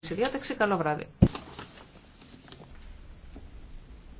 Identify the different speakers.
Speaker 1: Συνδιάταξη, Καλό βράδυ.